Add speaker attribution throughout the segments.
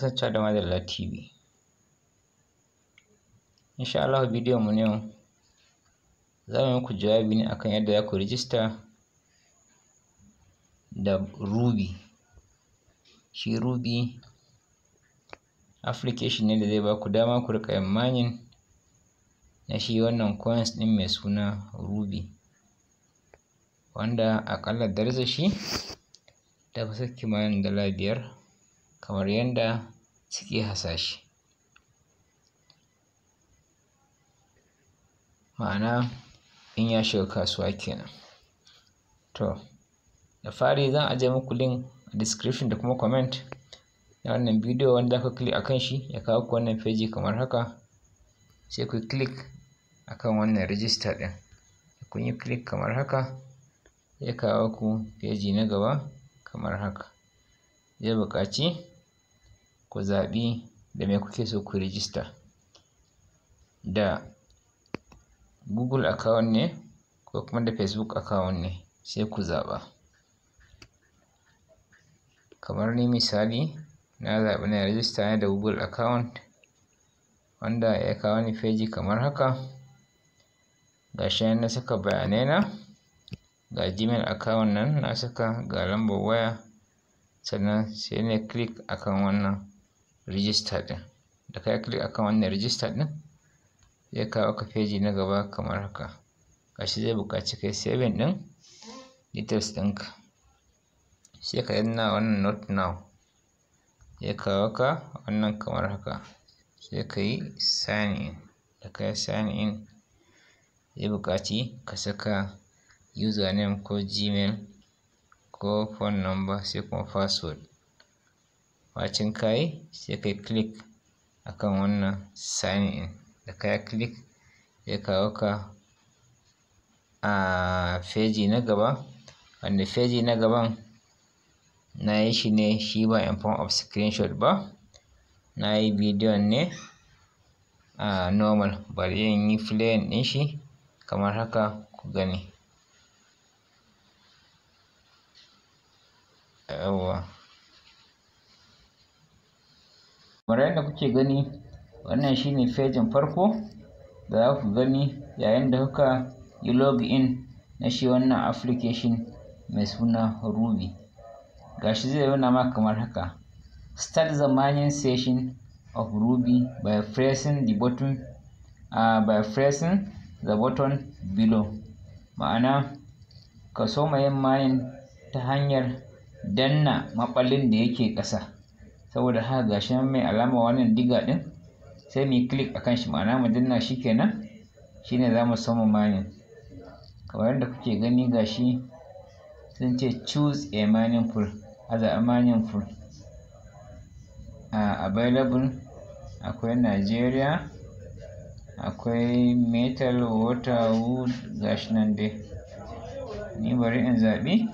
Speaker 1: kasancewa da Madalla TV. Insha Allah bidiyon mu ne yau za mu muku jawabi ne akan yadda za ku rijista da Ruby. Shi Ruby application ne da zai ba ku dama ku rika yin na shi wannan coins din mai suna Ruby wanda akalla darajar shi ta kusa kimanin dala biyar. kamar yadda suke hasashe ma'ana in ya shiga kasuwa kenan to da fari zan ajiye muku link a description da kuma comment na wannan bidiyo wanda aka click akan shi ya kawo ku wannan feji kamar haka sai ku click akan wannan register ɗin kun yi click kamar haka zai kawo ku feji na gaba kamar haka zai buƙaci ku zaɓi da me kuke so ku rijista da google account ne ko kuma da facebook account ne sai ku zaɓa kamar ni misali na zaɓi na rijista ne da google account wanda ya kawo ni feji kamar haka shi nan na saka bayanai na ga gmail account nan na saka ga lambar waya sannan sai na click akan wannan register ɗin da ka yi click akan wannan register ɗin zai kawo ka feji na gaba kamar haka gashi zai buƙaci kai saving ɗin details ɗinka sai ka danna wannan not now zai kawo ka wannan kamar haka sai ka yi sign in da ka yi sign in zai buƙaci ka saka username ko gmail ko phone number sai kuma password bacin kayi sai kai click akan wannan sign in da kaya click zai kawo ka a feji na gaba wanda feji na gaban na yi shi ne shi ba in form of screen shot ba na yi bidiyon ne a normal bari in yi playing ɗin shi kamar haka ku gani yawwa kamar yadda kuke gani wannan shine fejin farko da za ku gani yayin da kuka yi log in na shi wannan application mai suna ruby shi zai nuna ma kamar haka start the mining session of ruby by pressing the button uh, by pressing the button below ma'ana ka so yin mining ta hanyar danna maɓallin da yake ƙasa saboda haka gashi nan mai alama wannan diga din sai mu yi click akan shi ma'ana mu danna shi kenan shine za mu samu mani kamar yadda kuke gani gashi sun ce choose a mining as a mining pool uh, available akwai Nigeria akwai metal water wood gashi nan dai ni bari in zaɓi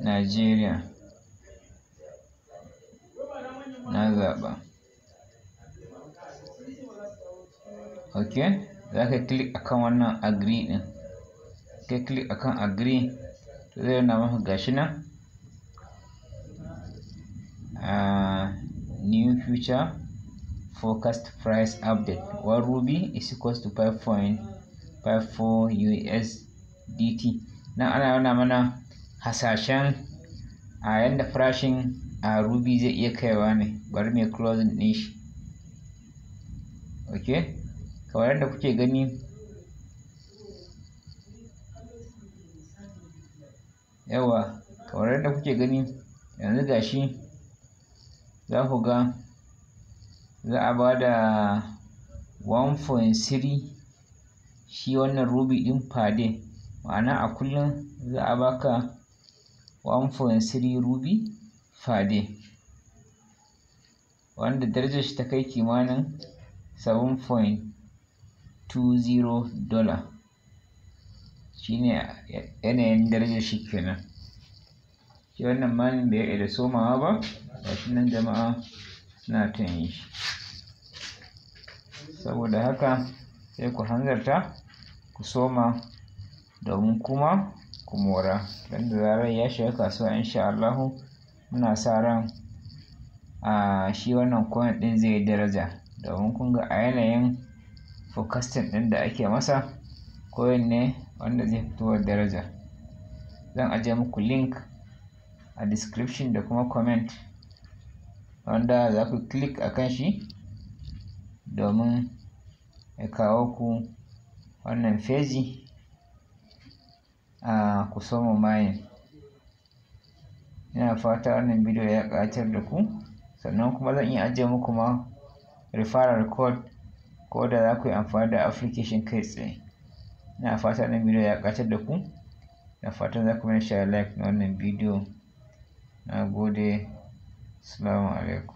Speaker 1: Nigeria na zaɓa ok za ka click akan wannan agree din ka click akan agree to zai yana maka gashi nan ah, new future forecast price update one ruby is equals to 5.54 usdt nan ana yana mana hasashen a yadda farashin a ruby zai iya kaiwa ne bari mai closing din shi ok kamar yadda kuke gani yawa kamar yadda kuke gani yanzu gashi za ku ga za a ba da 1.3 shi wannan rubi din fade, ma'ana a kullum za a baka 1.3 rubi Fade wanda darajar shi ta kai kimanin 7.20 dollar shine yanayin darajar shi kenan shi wannan malin bai da somawa ba shi nan jama'a suna ta yin shi saboda haka sai ku hanzarta ku soma domin kuma ku mora don da zarar ya shiga kasuwa insha Allahu muna sa ran a shi wannan coin ɗin zai yi daraja domin kun ga a yanayin forecasting ɗin da ake masa coin ne wanda zai fito daraja zan ajiye muku link a description da kuma comment wanda za ku click a kan shi domin ya kawo ku wannan feji a ku soma mayin ina fata wannan bidiyo ya ƙayatar da ku sannan kuma zan iya ajiye muku ma referral code ko da za ku yi amfani da application kai tsaye ina fata wannan bidiyo ya ƙayatar da ku da fatan za ku mana share like na wannan bidiyo na gode assalamu alaikum